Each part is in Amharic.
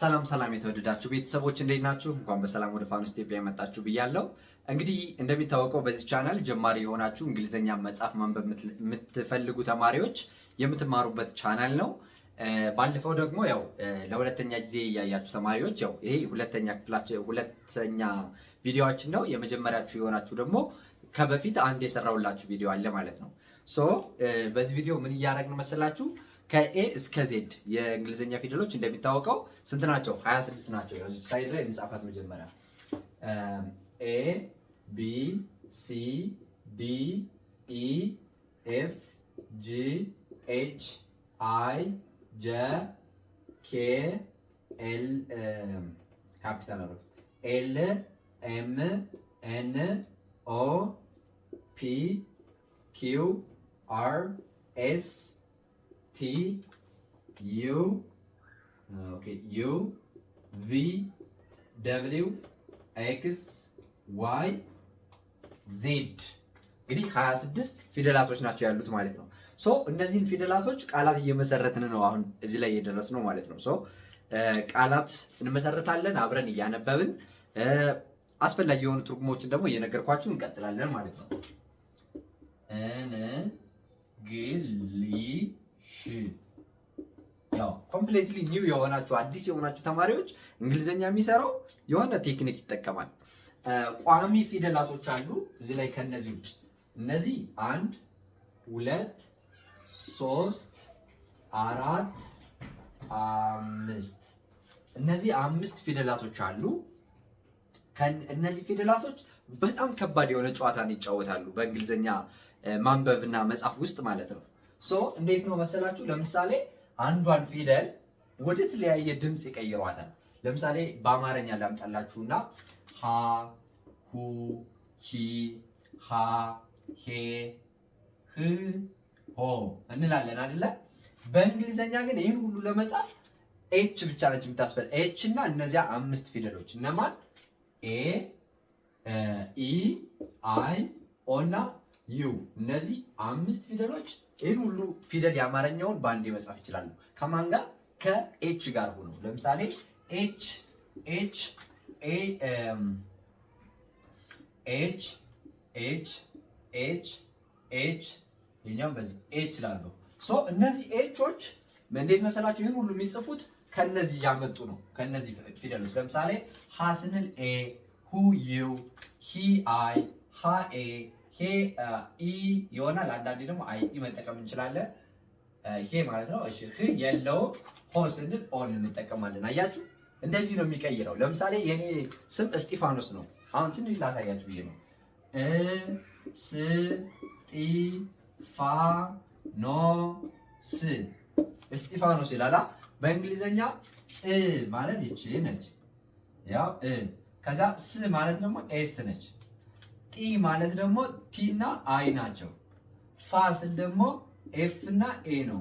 ሰላም ሰላም የተወደዳችሁ ቤተሰቦች እንዴት ናችሁ? እንኳን በሰላም ወደ ፋኖስ ኢትዮጵያ የመጣችሁ ብያለሁ። እንግዲህ እንደሚታወቀው በዚህ ቻናል ጀማሪ የሆናችሁ እንግሊዝኛ መጽሐፍ ማንበብ የምትፈልጉ ተማሪዎች የምትማሩበት ቻናል ነው። ባለፈው ደግሞ ያው ለሁለተኛ ጊዜ እያያችሁ ተማሪዎች ያው ይሄ ሁለተኛ ክፍላችን ሁለተኛ ቪዲዮችን ነው። የመጀመሪያችሁ የሆናችሁ ደግሞ ከበፊት አንድ የሰራሁላችሁ ቪዲዮ አለ ማለት ነው። ሶ በዚህ ቪዲዮ ምን እያደረግን መሰላችሁ? ከኤ እስከ ዜድ የእንግሊዝኛ ፊደሎች እንደሚታወቀው ስንት ናቸው? 26 ናቸው። ሳይድ ላይ የሚጻፋት መጀመሪያ ኤ ቢ ሲ ዲ ኢ ኤፍ ጂ ኤች አይ ጀ ኬ ኤል ካፒታል አረብ ኤል ኤም ኤን ኦ ፒ ኪው አር ኤስ ቲ ዩ ኦኬ ዩ ቪ ደብሊው ኤክስ ዋይ ዜድ እንግዲህ 26 ፊደላቶች ናቸው ያሉት ማለት ነው። ሶ እነዚህን ፊደላቶች ቃላት እየመሰረትን ነው አሁን እዚህ ላይ እየደረስ ነው ማለት ነው። ሶ ቃላት እንመሰረታለን አብረን እያነበብን አስፈላጊ የሆኑ ትርጉሞችን ደግሞ እየነገርኳችሁ እንቀጥላለን ማለት ነው። እን ግሊ ያው ኮምፕሌትሊ ኒው የሆናችሁ አዲስ የሆናችሁ ተማሪዎች እንግሊዘኛ የሚሰራው የሆነ ቴክኒክ ይጠቀማል። ቋሚ ፊደላቶች አሉ እዚህ ላይ ከነዚህ ውጭ እነዚህ አንድ፣ ሁለት፣ ሶስት፣ አራት፣ አምስት እነዚህ አምስት ፊደላቶች አሉ። እነዚህ ፊደላቶች በጣም ከባድ የሆነ ጨዋታን ይጫወታሉ በእንግሊዘኛ ማንበብና መጻፍ ውስጥ ማለት ነው። ሶ እንዴት ነው መሰላችሁ? ለምሳሌ አንዷን ፊደል ወደ ተለያየ ድምፅ ይቀይሯታል። ለምሳሌ በአማርኛ ላምጣላችሁና ሀ፣ ሁ፣ ሂ፣ ሃ፣ ሄ፣ ህ፣ ሆ እንላለን አይደለ? በእንግሊዘኛ ግን ይህን ሁሉ ለመጻፍ ኤች ብቻ ነች የምታስፈል። ኤች እና እነዚያ አምስት ፊደሎች እነማን? ኤ፣ ኢ፣ አይ፣ ኦ እና ዩ እነዚህ አምስት ፊደሎች ይህን ሁሉ ፊደል የአማርኛውን በአንዴ መጻፍ ይችላሉ። ከማን ጋር? ከኤች ጋር ሆኖ ለምሳሌ ኤች ኤች ኤች ኤች ኤች ኤች የኛውም በዚህ ኤች ላለው ሶ እነዚህ ኤቾች እንዴት መሰላቸው? ይህን ሁሉ የሚጽፉት ከነዚህ እያመጡ ነው። ከነዚህ ፊደሎች ለምሳሌ ሀ ስንል ኤ፣ ሁ ዩ፣ ሂ አይ፣ ሀ ኤ ሄ ኢ ይሆናል። አንዳንዴ ደግሞ አይ ኢ መጠቀም እንችላለን። ሄ ማለት ነው። እሺ ህ የለውም። ሆን ስንል ኦን እንጠቀማለን። አያችሁ፣ እንደዚህ ነው የሚቀይረው። ለምሳሌ የኔ ስም እስጢፋኖስ ነው። አሁን ትንሽ ላሳያችሁ ብዬ ነው። እ ስ ጢ ፋ ኖ ስ እስጢፋኖስ ይላላ። በእንግሊዘኛ እ ማለት ይቺ ነች፣ ያው እ። ከዛ ስ ማለት ደግሞ ኤስ ነች ጢ ማለት ደግሞ ቲ እና አይ ናቸው። ፋ ስል ደግሞ ኤፍ እና ኤ ነው።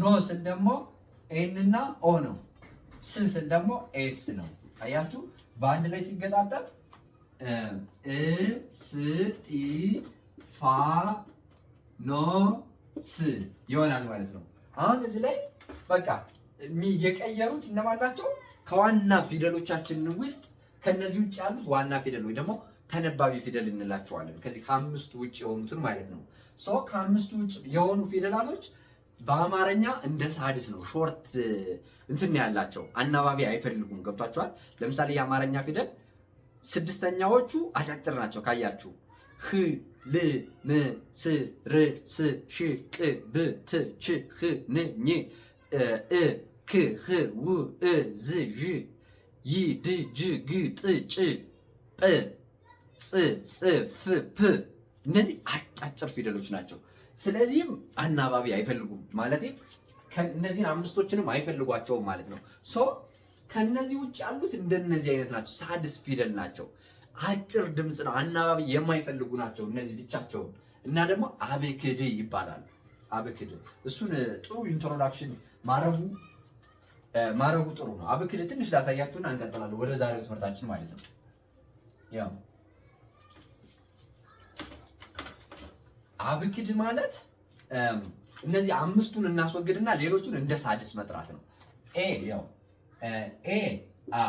ኖ ስል ደግሞ ኤን እና ኦ ነው። ስ ስል ደግሞ ኤስ ነው። አያችሁ በአንድ ላይ ሲገጣጠም እ ስ ጢ ፋ ኖ ስ ይሆናል ማለት ነው። አሁን እዚህ ላይ በቃ የቀየሩት እነማን ናቸው? ከዋና ፊደሎቻችን ውስጥ ከነዚህ ውጭ ያሉት ዋና ፊደል ወይ ደግሞ ተነባቢ ፊደል እንላቸዋለን። ከዚህ ከአምስቱ ውጭ የሆኑትን ማለት ነው። ሰው ከአምስቱ ውጭ የሆኑ ፊደላቶች በአማርኛ እንደ ሳድስ ነው። ሾርት እንትን ያላቸው አናባቢ አይፈልጉም። ገብቷቸዋል። ለምሳሌ የአማርኛ ፊደል ስድስተኛዎቹ አጫጭር ናቸው። ካያችሁ ህ ል ም ስ ር ስ ሽ ቅ ብ ት ች ህ ን ኝ እ ክ ህ ው እ ዝ ዥ ይ ድ ጅ ግ ጥ ጭ ጵ ጽ፣ ጽ፣ ፍ፣ ፕ እነዚህ አጫጭር ፊደሎች ናቸው። ስለዚህም አናባቢ አይፈልጉም ማለት እነዚህን አምስቶችንም አይፈልጓቸውም ማለት ነው። ሶ ከነዚህ ውጭ ያሉት እንደነዚህ አይነት ናቸው። ሳድስ ፊደል ናቸው። አጭር ድምፅ ነው። አናባቢ የማይፈልጉ ናቸው እነዚህ ብቻቸውን እና ደግሞ አብክድ ይባላል። አብክድ እሱን ጥሩ ኢንትሮዳክሽን ማረጉ ማረጉ ጥሩ ነው። አብክድ ትንሽ ላሳያችሁና አንቀጥላለን ወደ ዛሬው ትምህርታችን ማለት ነው ያው አብክድ ማለት እነዚህ አምስቱን እናስወግድና ሌሎቹን እንደ ሳድስ መጥራት ነው። ኤ ያው ኤ አ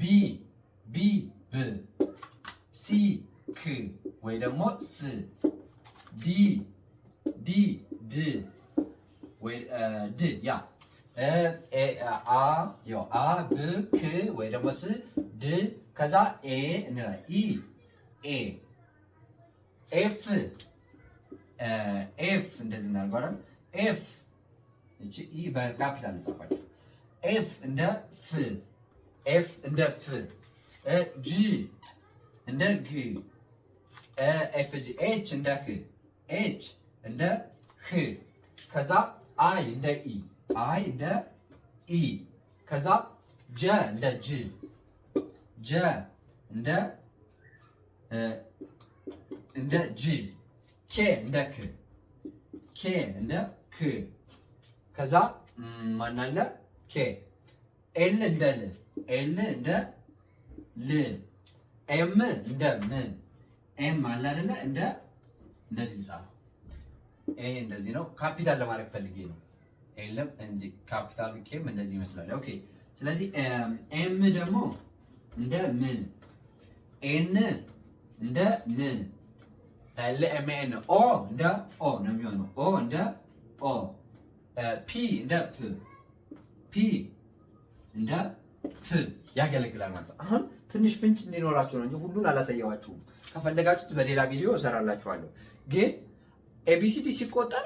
ቢ ቢ ብ ሲ ክ ወይ ደግሞ ስ ዲ ዲ ድ ወይ ድ ያ አ ያው አ ብ ክ ወይ ደግሞ ስ ድ ከዛ ኤ እንላ ኢ ኤ ኤፍ ኤፍ እንደዚህ እናደርገዋለን። ኤፍ እቺ ኢ በካፒታል እንጻፋችሁ። ኤፍ እንደ ፍ፣ ኤፍ እንደ ፍ፣ ጂ እንደ ግ፣ ኤፍ ጂ፣ ኤች እንደ ህ፣ ኤች እንደ ህ፣ ከዛ አይ እንደ ኢ፣ አይ እንደ ኢ፣ ከዛ ጀ እንደ ጅ፣ ጀ እንደ እንደ ጂ ኬ እንደ ክ ኬ እንደ ክ ከዛ ማናለ ኬ ኤል እንደ ል ኤል እንደ ል ኤም እንደ ም ኤም አለ አይደለ እንደ እንደዚህ ጻፍ። ኤ እንደዚህ ነው። ካፒታል ለማድረግ ፈልጌ ነው። ኤልም እንዲ ካፒታል ኬም እንደዚህ ይመስላል። ኦኬ ስለዚህ ኤም ደግሞ እንደ ምን ኤን እንደ ምን ኤልኤምኤን ኦ እንደ ኦ ነው የሚሆነው። ኦ እንደ ኦ፣ ፒ እንደ ፕ፣ ፒ እንደ ፕ ያገለግላል ማለት ነው። አሁን ትንሽ ፍንጭ እንዲኖራችሁ ነው እንጂ ሁሉን አላሳየዋችሁም። ከፈለጋችሁት በሌላ ቪዲዮ እሰራላችኋለሁ። ግን ኤቢሲዲ ሲቆጠር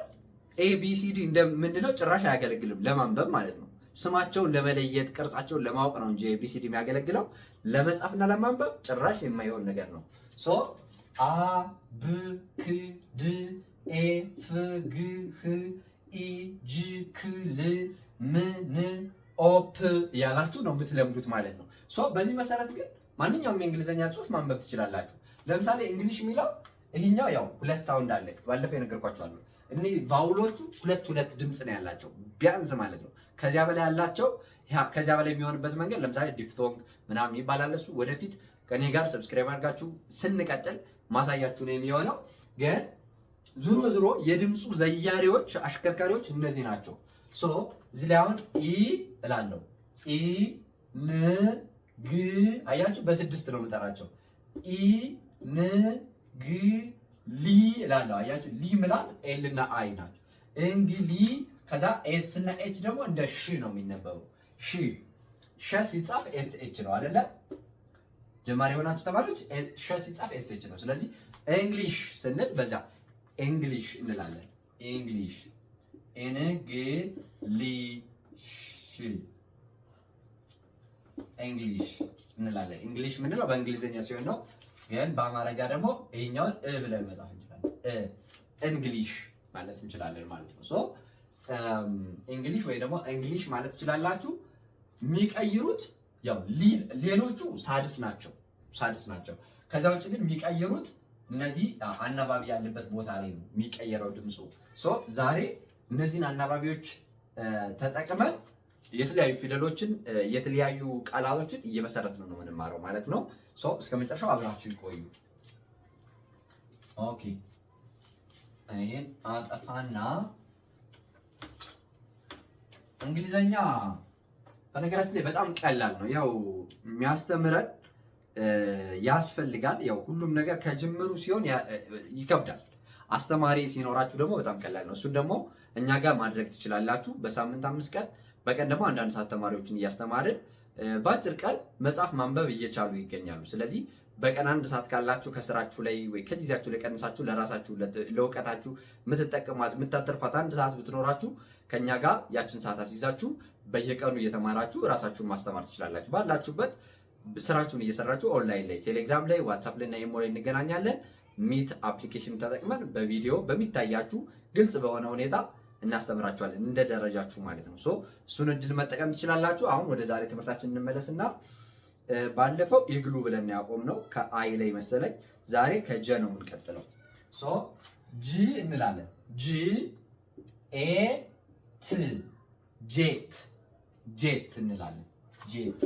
ኤቢሲዲ እንደምንለው ጭራሽ አያገለግልም ለማንበብ ማለት ነው። ስማቸውን ለመለየት ቅርጻቸውን ለማወቅ ነው እንጂ ኤቢሲዲ የሚያገለግለው ለመጻፍና ለማንበብ ጭራሽ የማይሆን ነገር ነው። አ ብ ክ ድ ኤ ፍ ግ ህ ኢ ጅ ክ ል ም ን ኦፕ እያላችሁ ነው የምትለምዱት ማለት ነው። ሶ በዚህ መሰረት ግን ማንኛውም የእንግሊዝኛ ጽሑፍ ማንበብ ትችላላችሁ። ለምሳሌ እንግሊሽ የሚለው ይሄኛው ያው ሁለት ሳውንድ አለ። ባለፈው የነገርኳችኋለሁ። እኔ ቫውሎቹ ሁለት ሁለት ድምፅ ነው ያላቸው ቢያንስ ማለት ነው። ከዚያ በላይ ያላቸው ከዚያ በላይ የሚሆንበት መንገድ ለምሳሌ ዲፍቶንግ ምናምን ይባላል። እሱ ወደፊት ከኔ ጋር ሰብስክራይብ አድርጋችሁ ስንቀጥል ማሳያችሁ ነው የሚሆነው። ግን ዙሮ ዙሮ የድምፁ ዘያሪዎች አሽከርካሪዎች እነዚህ ናቸው። ሶ እዚህ ላይ አሁን ኢ እላለሁ። ኢ ን ግ አያችሁ፣ በስድስት ነው የምጠራቸው። ኢ ን ግ ሊ እላለሁ። አያችሁ፣ ሊ ምላት ኤል እና አይ ናቸው። እንግሊ ከዛ ኤስ እና ኤች ደግሞ እንደ ሺ ነው የሚነበበው። ሺ ሸ ሲጻፍ ኤስ ኤች ነው አይደለ? ጀማሪ የሆናችሁ ተማሪዎች ሸ ሲጻፍ ኤች ነው። ስለዚህ እንግሊሽ ስንል በዛ እንግሊሽ እንላለን። እንግሊሽ እንግሊሽ እንግሊሽ እንላለን። እንግሊሽ ምንለው በእንግሊዝኛ ሲሆን ነው። ግን በአማርኛ ደግሞ ይሄኛውን እ ብለን መጻፍ እንችላለን። እንግሊሽ ማለት እንችላለን ማለት ነው። ሶ እንግሊሽ ወይ ደግሞ እንግሊሽ ማለት ትችላላችሁ። የሚቀይሩት ያው ሌሎቹ ሳድስ ናቸው። ሳድስ ናቸው። ከዛ ውጭ ግን የሚቀየሩት እነዚህ አናባቢ ያለበት ቦታ ላይ ነው የሚቀየረው ድምፁ። ዛሬ እነዚህን አናባቢዎች ተጠቅመን የተለያዩ ፊደሎችን የተለያዩ ቃላቶችን እየመሰረት ነው ነው የምንማረው ማለት ነው። እስከ መጨረሻው አብራችሁ ይቆዩ። ኦኬ ይህን አጠፋና እንግሊዘኛ በነገራችን ላይ በጣም ቀላል ነው። ያው የሚያስተምረን ያስፈልጋል። ያው ሁሉም ነገር ከጅምሩ ሲሆን ይከብዳል። አስተማሪ ሲኖራችሁ ደግሞ በጣም ቀላል ነው። እሱን ደግሞ እኛ ጋር ማድረግ ትችላላችሁ። በሳምንት አምስት ቀን በቀን ደግሞ አንዳንድ ሰዓት ተማሪዎችን እያስተማርን በአጭር ቀን መጽሐፍ ማንበብ እየቻሉ ይገኛሉ። ስለዚህ በቀን አንድ ሰዓት ካላችሁ ከስራችሁ ላይ ወይ ከጊዜያችሁ ላይ ቀንሳችሁ ለራሳችሁ ለእውቀታችሁ የምትጠቀሟት የምታተርፏት አንድ ሰዓት ብትኖራችሁ ከእኛ ጋር ያችን ሰዓት አስይዛችሁ በየቀኑ እየተማራችሁ ራሳችሁን ማስተማር ትችላላችሁ ባላችሁበት ስራችሁን እየሰራችሁ ኦንላይን ላይ ቴሌግራም ላይ ዋትሳፕ ላይ እና ኢሞ ላይ እንገናኛለን። ሚት አፕሊኬሽን ተጠቅመን በቪዲዮ በሚታያችሁ ግልጽ በሆነ ሁኔታ እናስተምራችኋለን እንደ ደረጃችሁ ማለት ነው። ሶ እሱን እድል መጠቀም ትችላላችሁ። አሁን ወደ ዛሬ ትምህርታችን እንመለስና ባለፈው ኢግሉ ብለን ያቆም ነው ከአይ ላይ መሰለኝ። ዛሬ ከጀ ነው የምንቀጥለው። ሶ ጂ እንላለን። ጂ ኤ ት ጄት ጄት እንላለን ጄት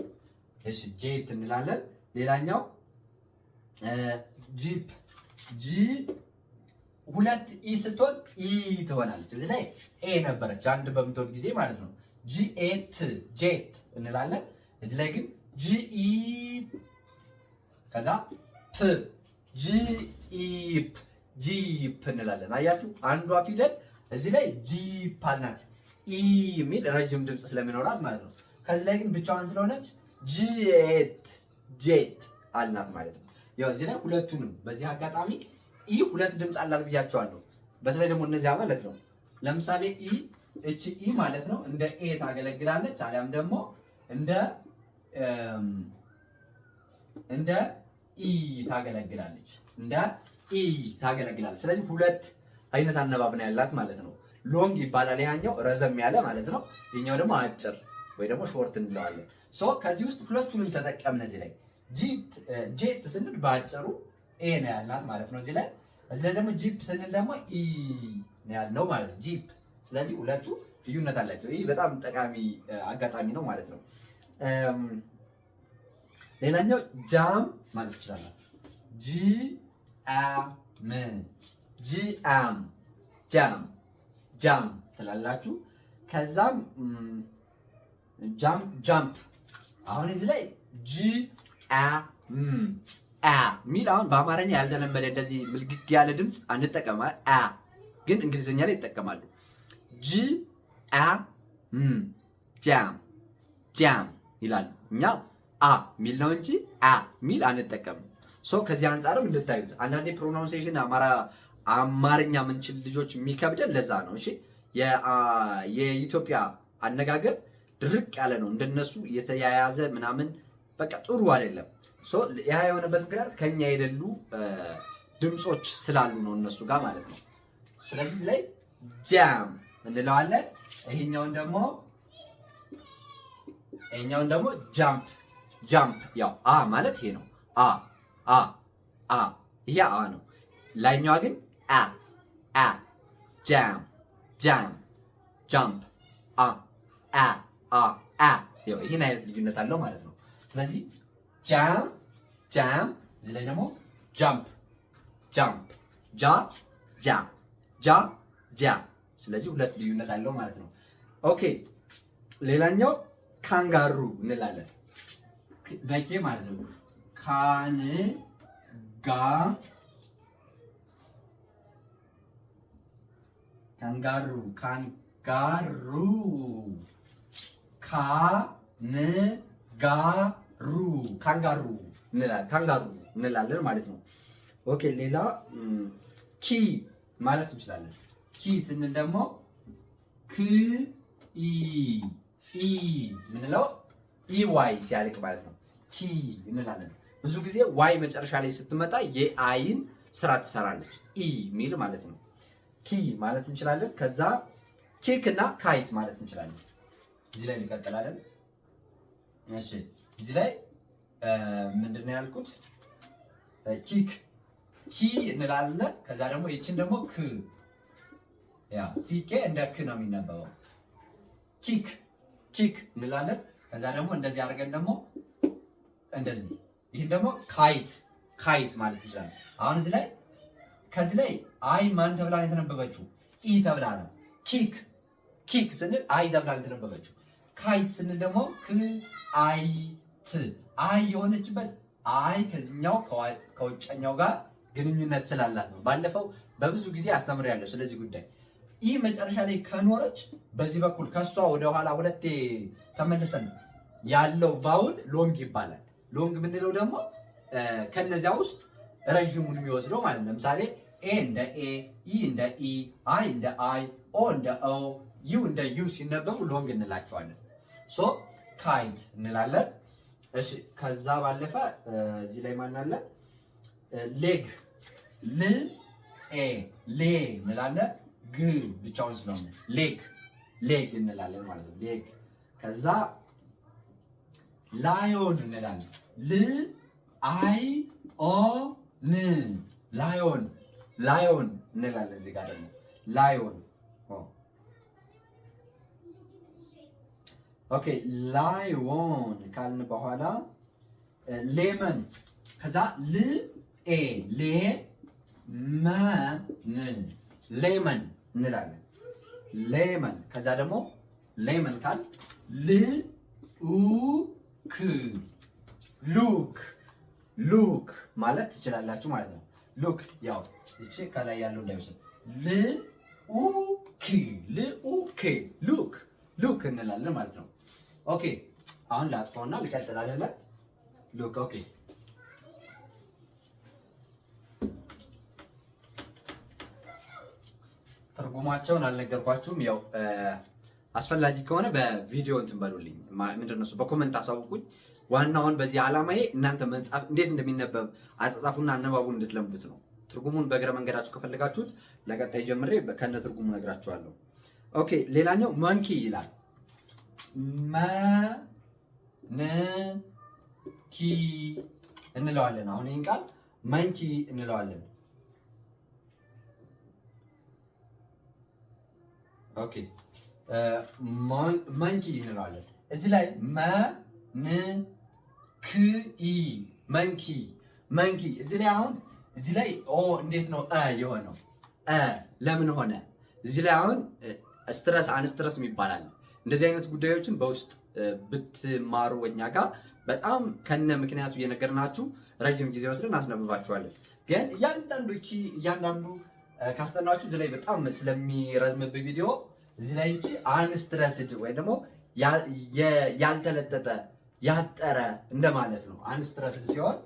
እሺ ጄት እንላለን። ሌላኛው ጂፕ ጂ ሁለት ኢ ስትሆን ኢ ትሆናለች። እዚህ ላይ ኤ ነበረች አንድ በምትሆን ጊዜ ማለት ነው። ጂኤት ጄት እንላለን። እዚህ ላይ ግን ኢ ከዛ ፕ ጂኢፕ ጂፕ እንላለን። አያችሁ አንዷ ፊደል እዚህ ላይ ጂፕ አልናት ኢ የሚል ረጅም ድምፅ ስለሚኖራት ማለት ነው። ከዚህ ላይ ግን ብቻዋን ስለሆነች ጄት ጄት አልናት ማለት ነው። ያው እዚህ ላይ ሁለቱንም በዚህ አጋጣሚ ኢ ሁለት ድምፅ አላት ብያቸዋለሁ። በተለይ ደግሞ እነዚያ ማለት ነው። ለምሳሌ ኢ እቺ ኢ ማለት ነው እንደ ኤ ታገለግላለች፣ አሊያም ደግሞ እንደ እንደ ኢ ታገለግላለች፣ እንደ ኢ ታገለግላለች። ስለዚህ ሁለት አይነት አነባብ ነው ያላት ማለት ነው። ሎንግ ይባላል ያኛው ረዘም ያለ ማለት ነው። የኛው ደግሞ አጭር ወይ ደግሞ ሾርት እንለዋለን። ሶ ከዚህ ውስጥ ሁለቱንም ተጠቀምን። እዚህ ላይ ጄት ስንል በአጭሩ ኤ ነው ያልናት ማለት ነው። እዚህ ላይ እዚህ ላይ ደግሞ ጂፕ ስንል ደግሞ ኢ ነው ያልነው ማለት ነው። ጂፕ ስለዚህ ሁለቱ ልዩነት አላቸው። ይህ በጣም ጠቃሚ አጋጣሚ ነው ማለት ነው። ሌላኛው ጃም ማለት ትችላላችሁ። ጂም ጂም ጃም ጃም ትላላችሁ። ከዛም ጃምፕ አሁን እዚህ ላይ ጂ አ አ አሁን በአማርኛ ያልተለመደ እንደዚህ ምልግግ ያለ ድምፅ አንጠቀማል። አ ግን እንግሊዝኛ ላይ ይጠቀማሉ። ጂ አ ጃም ጃም ይላሉ። እኛ አ ሚል ነው እንጂ አ ሚል አንጠቀምም። ሰው ከዚህ አንጻርም እንድታዩት አንዳንዴ ፕሮናውንሴሽን አማራ አማርኛ ምንችል ልጆች የሚከብደን ለዛ ነው። እሺ የኢትዮጵያ አነጋገር ድርቅ ያለ ነው። እንደነሱ የተያያዘ ምናምን በቃ ጥሩ አይደለም። ያ የሆነበት ምክንያት ከኛ የሌሉ ድምፆች ስላሉ ነው እነሱ ጋር ማለት ነው። ስለዚህ ላይ ጃም እንለዋለን። ይሄኛውን ደግሞ ይሄኛውን ደግሞ ጃምፕ ጃምፕ። ያው አ ማለት ይሄ ነው። አ አ አ ይሄ አ ነው። ላይኛዋ ግን አ አ ጃም ጃም ጃምፕ አ አ አ አ ይህን አይነት ልዩነት አለው ማለት ነው። ስለዚህ ጃም ጃም፣ እዚህ ላይ ደግሞ ጃምፕ ጃምፕ፣ ጃ ጃ ጃ ጃ። ስለዚህ ሁለት ልዩነት አለው ማለት ነው። ኦኬ ሌላኛው ካንጋሩ እንላለን በቄ ማለት ነው። ካን ጋ ካንጋሩ ካንጋሩ ካንጋሩ ካንጋሩ ካንጋሩ እንላለን ማለት ነው። ኦኬ ሌላ ኪ ማለት እንችላለን። ኪ ስንል ደግሞ ክ ኢ ኢ ኢ ዋይ ሲያልቅ ማለት ነው። ኪ እንላለን። ብዙ ጊዜ ዋይ መጨረሻ ላይ ስትመጣ የአይን ስራ ትሰራለች። ኢ ሚል ማለት ነው። ኪ ማለት እንችላለን። ከዛ ኪክ እና ካይት ማለት እንችላለን። እዚህ ላይ የሚቀጥል አይደል? እሺ እዚህ ላይ ምንድን ነው ያልኩት? ኪክ ኪ እንላለን። ከዛ ደግሞ ይችን ደግሞ ክ ያ ሲኬ እንደ ክ ነው የሚነበበው። ኪክ ኪክ እንላለን። ከዛ ደግሞ እንደዚህ አድርገን ደግሞ እንደዚህ ይህን ደግሞ ካይት ካይት ማለት እንችላለን። አሁን እዚህ ላይ ከዚህ ላይ አይ ማን ተብላ ነው የተነበበችው? ኢ ተብላ ነው። ኪክ ኪክ ስንል አይ ተብላ ነው የተነበበችው። ካይት ስንል ደግሞ ክ አይ ት አይ የሆነችበት አይ ከዚህኛው ከውጨኛው ጋር ግንኙነት ስላላት ነው። ባለፈው በብዙ ጊዜ አስተምሬያለሁ ስለዚህ ጉዳይ። ይህ መጨረሻ ላይ ከኖረች በዚህ በኩል ከሷ ኋላ ሁለቴ ተመልሰን ያለው ቫውል ሎንግ ይባላል። ሎንግ የምንለው ደግሞ ከነዚያ ውስጥ ረዥሙን የሚወስደው ማለት ነው። ለምሳሌ ኤ እንደ ኤ፣ ኢ እንደ ኢ፣ አይ እንደ አይ፣ ኦ እንደ ኦ፣ ዩ እንደ ዩ ሲነበቡ ሎንግ እንላቸዋለን። ሶ ካይንድ እንላለን። እሺ ከዛ ባለፈ እዚህ ላይ ማን ሌግ ል ኤ ሌ እንላለን። ግ ብቻውን ስለሆነ ሌግ ሌግ እንላለን ማለት ነው። ሌግ ከዛ ላዮን እንላለን። ል አይ ኦ ን ላዮን ላዮን እንላለን። እዚህ ጋር ደግሞ ላዮን ኦኬ ላይዎን ካልን በኋላ ሌመን ከዛ ል ኤ ሌ መን ሌመን እንላለን። ሌመን ከዛ ደግሞ ሌመን ካል ል ኡ ክ ሉክ ሉክ ማለት ትችላላችሁ ማለት ነው። ሉክ ያው እቺ ከላይ ያለው እንዳይወስድ ል ኡ ክ ል ኡ ክ ሉክ ሉክ እንላለን ማለት ነው። ኦኬ አሁን ላጥፋውና ልቀጥል አይደለ? ሉክ ኦኬ ትርጉማቸውን አልነገርኳችሁም። ያው አስፈላጊ ከሆነ በቪዲዮ እንትን በሉልኝ፣ ምንድን ነው እሱ በኮመንት አሳውቁኝ። ዋናውን በዚህ ዓላማዬ እናንተ መጽሐፍ እንዴት እንደሚነበብ አጻጻፉና አነባቡን እንድትለምዱት ነው። ትርጉሙን በእግረ መንገዳችሁ ከፈለጋችሁት ለቀጣይ ጀምሬ ከነ ትርጉሙ ነግራችኋለሁ። ኦኬ ሌላኛው መንኪ ይላል መንኪ እንለዋለን። አሁን ይህን ቃል መንኪ እንለዋለን። ኦኬ መንኪ እንለዋለን። እዚህ ላይ መንክኢ መንኪ መንኪ። እዚህ ላይ አሁን እዚህ ላይ ኦ እንዴት ነው የሆነው? ለምን ሆነ? እዚህ ላይ አሁን ስትረስ አንስትረስ ይባላል። እንደዚህ አይነት ጉዳዮችን በውስጥ ብትማሩ እኛ ጋር በጣም ከነ ምክንያቱ እየነገርናችሁ ረዥም ጊዜ ወስደን አስነብባችኋለን። ግን እያንዳንዱ እያንዳንዱ ካስጠናችሁ እዚህ ላይ በጣም ስለሚረዝምብ ቪዲዮ እዚህ ላይ እንጂ አንስትረስድ ወይ ደግሞ ያልተለጠጠ ያጠረ እንደማለት ነው። አንስትረስድ ሲሆን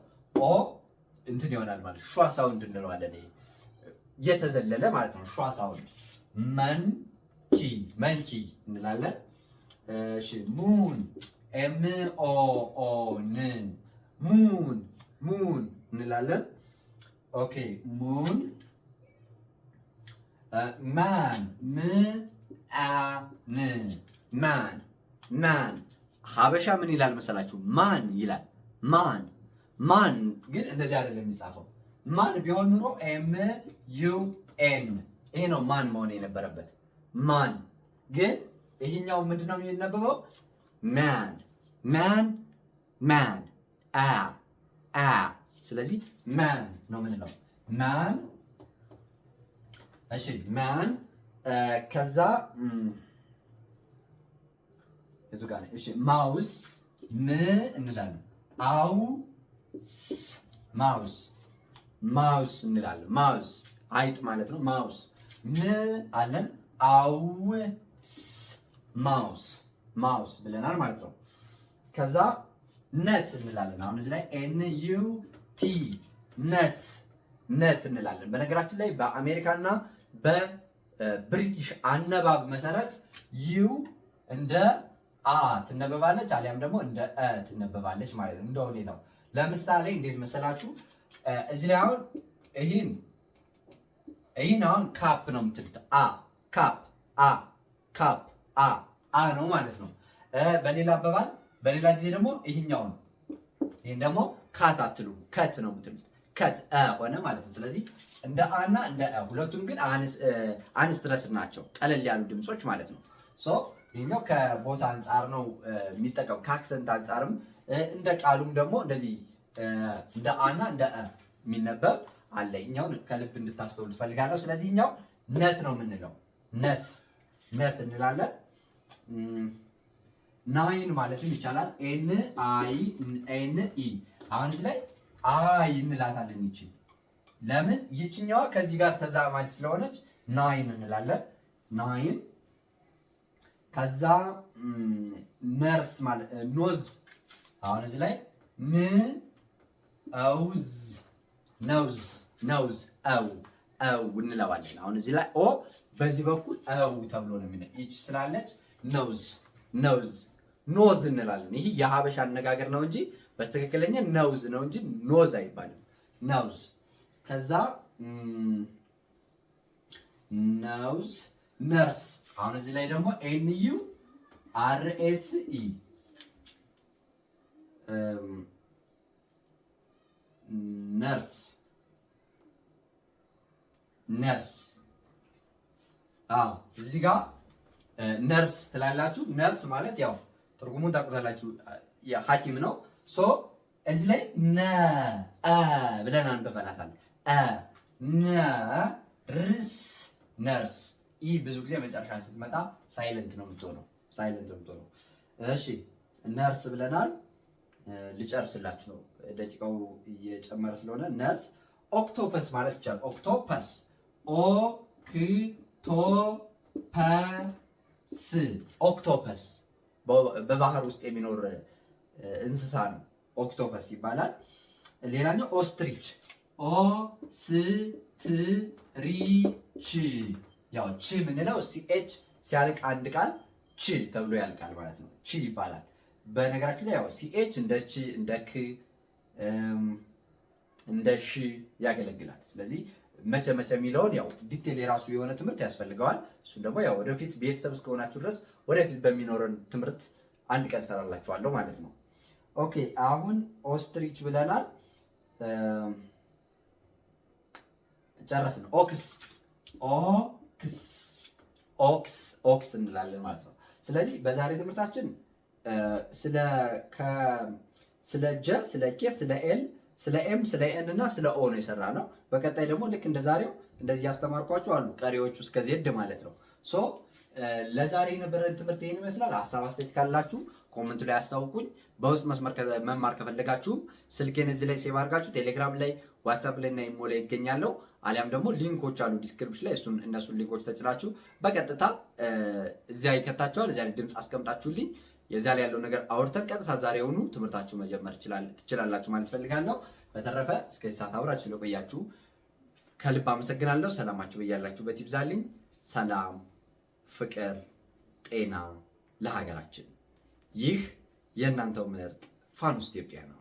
ኦ እንትን ይሆናል ማለት ሿ ሳውንድ እንለዋለን። ይሄ የተዘለለ ማለት ነው። ሿ ሳውንድ መንኪ መንኪ እንላለን። ሙን ኤም ኦ ኦ ን ሙን ሙን እንላለን። ኦኬ ሙን ማን ም አ ን ማን ማን ሀበሻ ምን ይላል መሰላችሁ? ማን ይላል። ማን ማን ግን እንደዚህ አይደለም የሚጻፈው። ማን ቢሆን ኑሮ ኤም ዩ ኤን ይሄ ነው ማን መሆን የነበረበት። ማን ግን ይሄኛው ምንድነው የሚነበበው? ማን ማን ማን አ አ ስለዚህ ማን ነው ምንለው? ማን እሺ፣ ማን ከዛ እዚህ ጋር እሺ፣ ማውስ ም እንላለን። አው ስ ማውስ ማውስ እንላለን። ማውስ አይጥ ማለት ነው። ማውስ ም አለን አው ስ ማውስ ማውስ ብለናል ማለት ነው። ከዛ ነት እንላለን። አሁን እዚህ ላይ ኤን ዩ ቲ ነት ነት እንላለን። በነገራችን ላይ በአሜሪካና በብሪቲሽ አነባብ መሰረት ዩ እንደ አ ትነበባለች አሊያም ደግሞ እንደ እ ትነበባለች ማለት ነው እንደ ሁኔታው። ለምሳሌ እንዴት መሰላችሁ? እዚህ ላይ አሁን ይህን ይህን አሁን ካፕ ነው የምትሉት አ ካፕ አ ካፕ አ አ ነው ማለት ነው። በሌላ አባባል በሌላ ጊዜ ደግሞ ይሄኛው ነው። ይሄን ደግሞ ካት አትሉ ከት ነው የምትሉት ከት ሆነ ማለት ነው። ስለዚህ እንደ አና እንደ ሁለቱም ግን ረስ ናቸው ቀለል ያሉ ድምጾች ማለት ነው። ሶ ይሄኛው ከቦታ አንጻር ነው የሚጠቀም ከአክሰንት አንጻርም እንደ ቃሉም ደግሞ እንደዚህ እንደ አና እንደ አ የሚነበብ አለ። ይሄኛውን ከልብ እንድታስተውሉ ፈልጋለሁ። ስለዚህ ይሄኛው ነት ነው የምንለው ነት ነት እንላለን። ናይን ማለትም ይቻላል። ኤን አይ ኤን ኢ አሁን እዚህ ላይ አይ እንላታለን። ይቺ ለምን ይችኛዋ ከዚህ ጋር ተዛማጅ ስለሆነች ናይን እንላለን። ናይን ከዛ ነርስ ማለት ኖዝ አሁን እዚህ ላይ ን አውዝ ነውዝ ነውዝ አው አው እንለዋለን። አሁን እዚህ ላይ ኦ በዚህ በኩል አው ተብሎ ነው የሚነ ይች ስላለች ነውዝ ነውዝ ኖዝ እንላለን። ይህ የሀበሻ አነጋገር ነው እንጂ በትክክለኛ ነውዝ ነው እንጂ ኖዝ አይባልም። ነውዝ ከዛ ነውዝ ነርስ። አሁን እዚህ ላይ ደግሞ ኤንዩ ኤስ ኢ ነርስ ነርስ። አዎ እዚህ ጋር ነርስ ትላላችሁ። ነርስ ማለት ያው ትርጉሙን ታውቁታላችሁ፣ ሐኪም ነው። ሶ እዚህ ላይ ነ ብለን አንብበናታለን። ነርስ ነርስ። ይህ ብዙ ጊዜ መጨረሻ ስትመጣ ሳይለንት ነው የምትሆነው፣ ሳይለንት ነው የምትሆነው። እሺ ነርስ ብለናል። ልጨርስላችሁ ነው፣ ደቂቃው እየጨመረ ስለሆነ ነርስ። ኦክቶፐስ ማለት ይቻላል። ኦክቶፐስ ኦክቶፐ ስ ኦክቶፐስ በባህር ውስጥ የሚኖር እንስሳ ነው። ኦክቶፐስ ይባላል። ሌላኛው ኦስትሪች ች ያው ች የምንለው ሲኤች ሲያልቅ አንድ ቃል ች ተብሎ ያልቃል ማለት ነው። ች ይባላል። በነገራችን ላይ ያው ሲኤች እንደ ች እንደ ክ እንደ ሺ ያገለግላል። ስለዚህ መቼ መቼ የሚለውን ያው ዲቴል የራሱ የሆነ ትምህርት ያስፈልገዋል። እሱም ደግሞ ያው ወደፊት ቤተሰብ እስከሆናችሁ ድረስ ወደፊት በሚኖረን ትምህርት አንድ ቀን ሰራላችኋለሁ ማለት ነው። ኦኬ አሁን ኦስትሪች ብለናል፣ ጨረስን። ኦክስ ኦክስ ኦክስ ኦክስ እንላለን ማለት ነው። ስለዚህ በዛሬ ትምህርታችን ስለ ስለ ጀ ስለ ኬ ስለ ኤል ስለ ኤም ስለ ኤን እና ስለ ኦ ነው የሰራ ነው። በቀጣይ ደግሞ ልክ እንደ ዛሬው እንደዚህ ያስተማርኳችሁ አሉ ቀሪዎቹ እስከ ዜድ ማለት ነው። ሶ ለዛሬ የነበረን ትምህርት ይህን ይመስላል። ሀሳብ አስተያየት ካላችሁ ኮመንት ላይ አስታውቁኝ። በውስጥ መስመር መማር ከፈለጋችሁም ስልኬን እዚህ ላይ ሴቭ አድርጋችሁ ቴሌግራም ላይ፣ ዋትሳፕ ላይ እና ኢሞ ላይ ይገኛለሁ። አሊያም ደግሞ ሊንኮች አሉ ዲስክሪፕሽን ላይ እሱን እነሱን ሊንኮች ተጭናችሁ በቀጥታ እዚያ ይከታችኋል። እዚያ ላይ ድምፅ አስቀምጣችሁልኝ የዚያ ላይ ያለው ነገር አውርተን ቀጥታ ዛሬውኑ ትምህርታችሁ መጀመር ትችላላችሁ ማለት ፈልጋለሁ። በተረፈ እስከዚህ ሰዓት አብራችሁ ለቆያችሁ ከልብ አመሰግናለሁ። ሰላማችሁ በያላችሁበት ይብዛልኝ። ሰላም፣ ፍቅር፣ ጤና ለሀገራችን። ይህ የእናንተው ምርጥ ፋኖስ ኢትዮጵያ ነው።